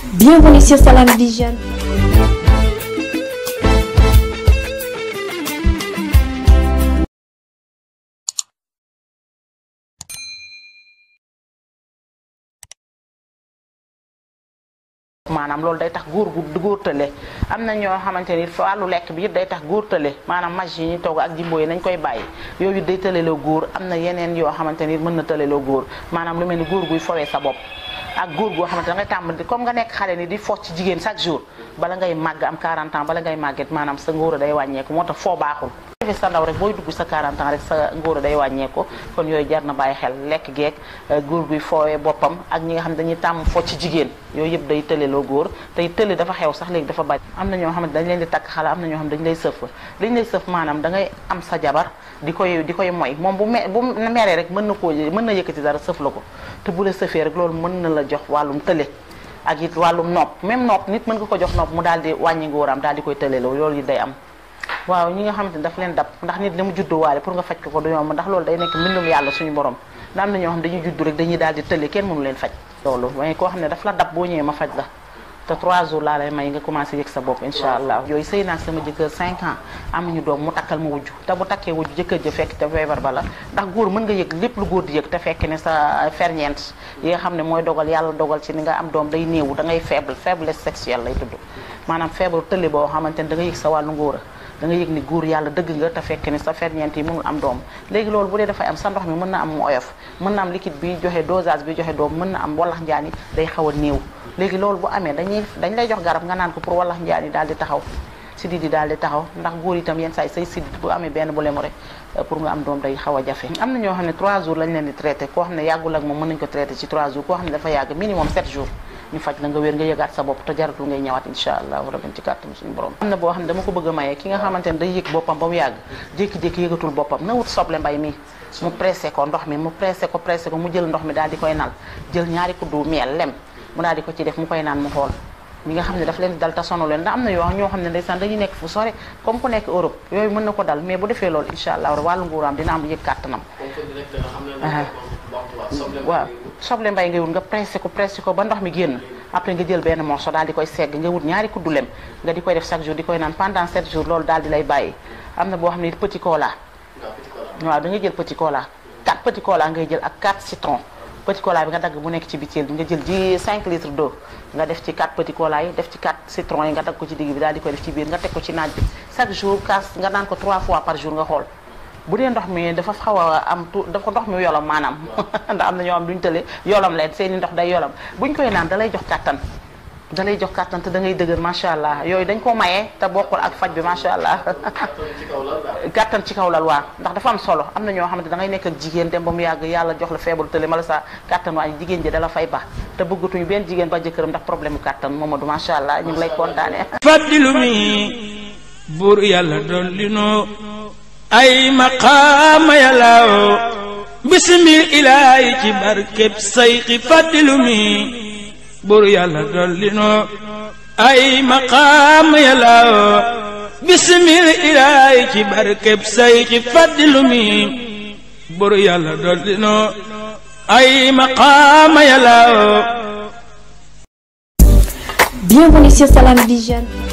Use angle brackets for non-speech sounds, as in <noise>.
Bienvenue sur maanaam loolu day tax góor gu góortale am na ñoo xamante ni wàllu lekk bi yëpp day tax góortale maanaam maj yi ñu togg ak jimbo yi nañ koy bàyyi yooyu day tëleloo góor am na yeneen yoo xamante ni mën na tëleloo góor maanaam lu mel ni góor guy fowee sa bopp ak góor goo xamante da ngay tàmbali comme nga nekk xale ni di fo ci jigéen chaque jour bala ngay màgg am 40 ans bala ngay màgget maanaam sa ngóor a day wàññeeku moo tax foo baaxul defee sa ndaw rek booy dugg sa 40 ans a day wàññeeku lekk geek euh, góor guy foowee boppam ak ñi nga xam dañuy tàmm fo ci jigéen yooyu yëpp day tëleloo góor tey tële dafa xew sax léegi dafa bari am na ñoo xamante dañ leen di takk xale am na ñoo xam dañ lay sëf dañ lay ngay am sa jabar di koy di koy moy moom bu bu meree rek mën na koo mën na yëkkati dara sëf la ko te bu la sëfee rek loolu mën na la jox wàllum tële ak it wàllum nopp même nopp nit mën nga ko jox nopp mu daal di wàññi ngóoram daal di koy tëleloo loolu yi day am waaw ñi nga xam ni daf leen dab ndax nit li mu judduwaale pour nga faj ko ko du yomb ndax loolu day nekk mbindum yàlla suñu borom ndax am na ñoo xam dañuy juddu rek dañuy daal tële kenn mënu leen faj loolu waaye koo xam ne daf la dab boo ñëwee ma faj la te 3 jours laa lay may nga commencé yëg sa bopp incha allah yooyu sëy naa sama jëkkër 5 ans amuñu doom mu takkal ma wujju te bu takkee wujju jëkkër ja fekk te feebar bala ndax góor mën nga yëg lépp lu góor di yëg te fekk ne sa euh, ferñeent yi nga xam ne mooy dogal yàlla dogal ci ni nga am doom day néewu dangay ngay faible faiblesse sexuelle lay tudd maanaam feebar tële boo xamante ne da yëg sa wàllu ngóora danga nga yëg ni góor yàlla dëgg nga te fekk ni sa ferñeent yi mënul am doom léegi loolu bu dee dafay am sa ndox mi mën na am mu mën na am liquide bi joxe dosage bi joxe doom mën na am wallax njaan yi day xaw a néew léegi loolu bu amee dañuy dañ lay jox garab nga naan ko pour wallax njaan yi daal di taxaw sidit yi di taxaw ndax góor itam yenn saa yi say sidit bu amee benn bu lemu rek euh, pour nga am doom day xaw a jafe am na ñoo xam ne 3 jours lañ leen di traité koo xam ne yàggul ak ko xam ne ñu faj la nga wér nga yëgaat sa bopp te jaratul ngay ñëwaat insha allahu rabin ci kàttan suñu borom boo xam ne dama ko bëgg a maye ki nga xamante ne day yëg boppam ba mu yàgg jékki-jékki yëgatul boppam na wut soble mbay mi mu pressé ko ndox mi mu ko mu jël ndox mi daal di koy nal jël ñaari kuddu miel lem mu daal di ko ci def mu koy naan mu xool ñi nga xam ne daf leen dal te sonal leen ndax am na yoo ñoo xam ne ndeysaan dañuy nekk fu sore comme nekk Europe yooyu mën na ko dal mais bu defee loolu incha allah wàllu nguuraam dina am yëg kàttanam waaw soble mbay nga ko pressé ko ba ndox mi génn après nga jël benn morceau daal di koy segg nga wut ñaari kuddu lem nga di koy def chaque jour di koy naan pendant 7 jours loolu daal di lay bàyyi am na boo xam ne petit cola waaw da nga jël petit cola 4 petit jël ak 4 citron petit cola bi nga dagg bu nekk ci biteel bi nga jël ji 5 litres d'eau nga def ci 4 petit yi def ci 4 citron yi nga dagg ko ci digg bi daal di koy def ci biir nga teg ko ci naaj bi chaque jour kaas naan ko 3 fois par jour nga bu dee ndox mi dafa xaw a am tu dafa ndox mi yolom maanaam <laughs> ndax am na ñoo am duñ tële yolom leen seen i ndox day yolom buñ koy naan dalay jox kàttan dalay jox kàttan da ngay dëgër macha allah yooyu dañ ko maye te bokkul ak faj bi macha allah <laughs> kàttan ci kaw lal waa ndax dafa am solo am na ñoo xam ne ngay nekk ak jigéen dem ba mu yàgg yàlla jox la feebaru tële mala sa kàttan waa jigéen ji dala fay ba te ñu benn jigéen ba jëkkëram ndax problème bu kàttan du macha allah ñu ngi lay kontaane faddilu mi buur yàlla ay maqaama yalaw bisimil ilaahi ci barkeb sayxi fàddilu mi bur yàlla dolli noo ay maqaama yalaw bisimil ilaahi ci barkeb sayxi fàddilu mi bur yàlla dolli noo ay maqaama yalaw Bienvenue sur Salam Vision.